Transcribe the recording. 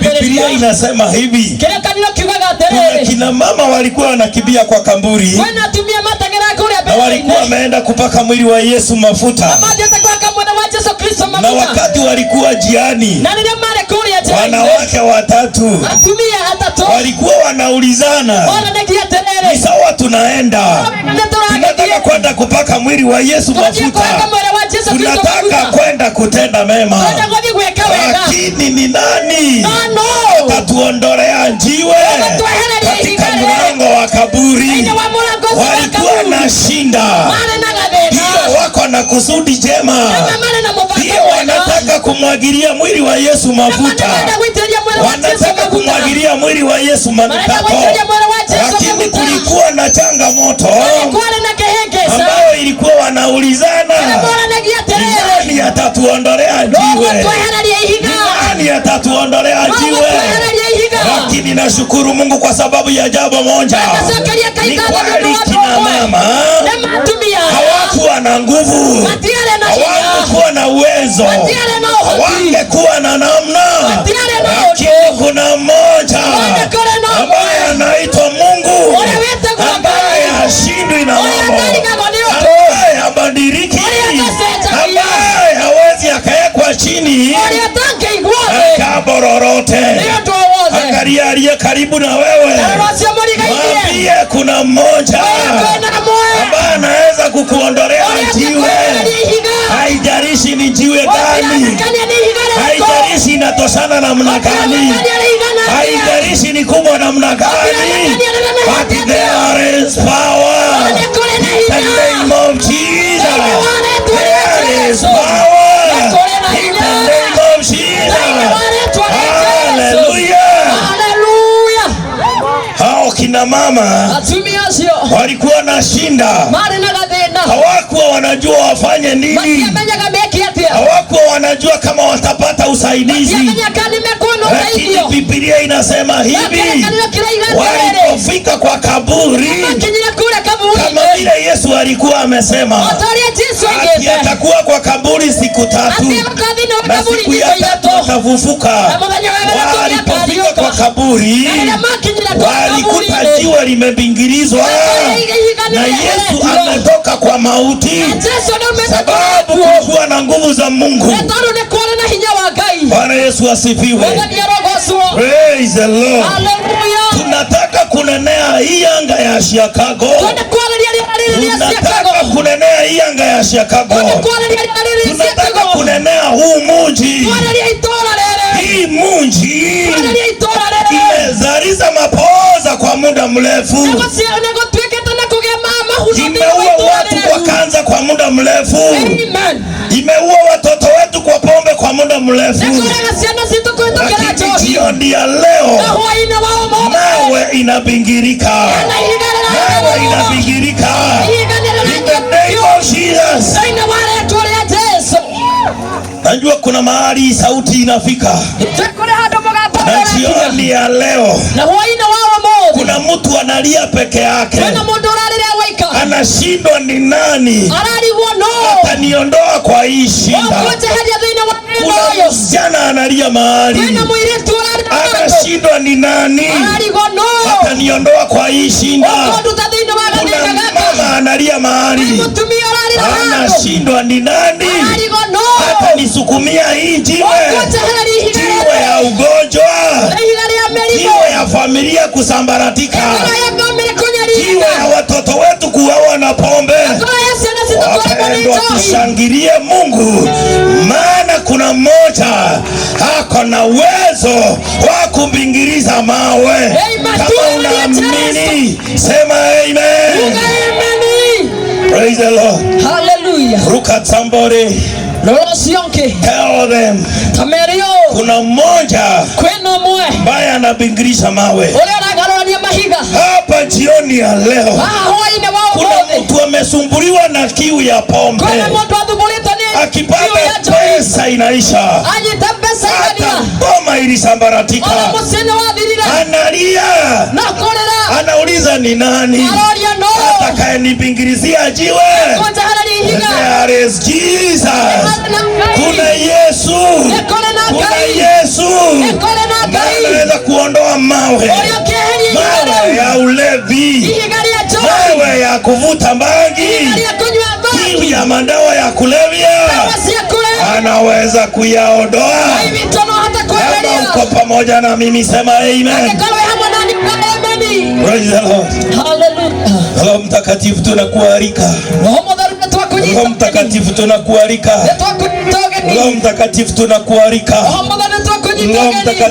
Biblia inasema hivi, kuna kina mama walikuwa wanakibia kwa kamburi na walikuwa wameenda kupaka mwili wa Yesu mafuta, na wakati walikuwa jiani, wanawake watatu walikuwa wanaulizana sawa, tunaenda tunataka kwenda kupaka mwili wa Yesu mafuta, tunataka kwenda kutenda mema, lakini ni nani atatuondolea njiwe katika mlango wa kaburi? Walikuwa na shinda hiyo, wako na kusudi jema hiyo, wanataka kumwagilia mwili wa Yesu mafuta wanataka kumwagilia mwili wa Yesu manukato, lakini kulikuwa na changamoto ambayo ilikuwa wanaulizana, nani atatuondolea jiwe, nani atatuondolea jiwe? Lakini nashukuru Mungu kwa sababu ya jambo moja, ni kweli kina mama hawakuwa na nguvu, hawakuwa na uwezo, wangekuwa na namna kuna mmoja ambaye anaitwa Mungu ambaye hashindwi na mambo, ambaye habadiliki, ambaye hawezi akawekwa chini akabororote. Angalia aliye karibu na wewe, mwambie kuna mmoja ambaye anaweza kukuondolea jiwe, haijalishi ni jiwe gani inatosana namna gani, haijalishi ni kubwa namna gani, but there is power in the name of Jesus. There is power in the name of Jesus. Hallelujah. Hao kina mama walikuwa na shinda, hawakuwa wanajua wafanye nini hawako wanajua kama watapata usaidizi, lakini Biblia inasema hivi, walipofika kwa kaburi kama vile Yesu alikuwa amesema, atakuwa kwa kaburi siku tatu na siku ya tatu wakavufuka, walipofika kwa kaburi walikuta jiwe limebingirizwa na Yesu ametoka kwa mauti, sababu kuwa na nguvu za Mungu. Bwana Yesu asifiwe. Praise the Lord. Tunataka kunenea hii anga ya Chicago. Tunataka kunenea hii anga ya Chicago. mrefu, imeua watu kwa kanza kwa muda mrefu, imeua watoto wetu kwa pombe kwa muda mrefu, lakini jioni ya leo nawe inabingirika, nawe inabingirika. Najua kuna mahali sauti inafika na jioni ya leo na huwa ina kuna mtu analia peke yake, anashindwa ni nani ataniondoa kwa hii shida. Kuna msichana analia mahali, anashindwa ni nani ataniondoa kwa hii shida. Kuna mama analia mahali, anashindwa ni nani atanisukumia hii jiwe. familia kusambaratika, jiwe ya watoto wetu kuwawa na pombe. Wapendwa, tushangilie Mungu, maana kuna mmoja ako na uwezo wa kumbingiriza mawe. Kama unaamini sema amen. Praise the Lord. Hallelujah. Ruka tambore. Tell them kuna mmoja ambaye anabingirisha mawe hapa jioni ya leo. Ah, kuna mtu amesumbuliwa na kiu ya pombe, akipata pesa inaisha, hata ilisambaratika, analia, anauliza ni nani atakayenibingirizia jiwe? kuna Yesu kuna Yesu kuondoa mawe, mawe ya ulevi, mawe ya kuvuta bangi, kiu ya madawa ya kulevya, anaweza kuyaondoa. Kama uko pamoja na mimi, sema amen. Roho Mtakatifu tunakualika Roho Mtakatifu tunakualika. Roho Mtakatifu tunakualika.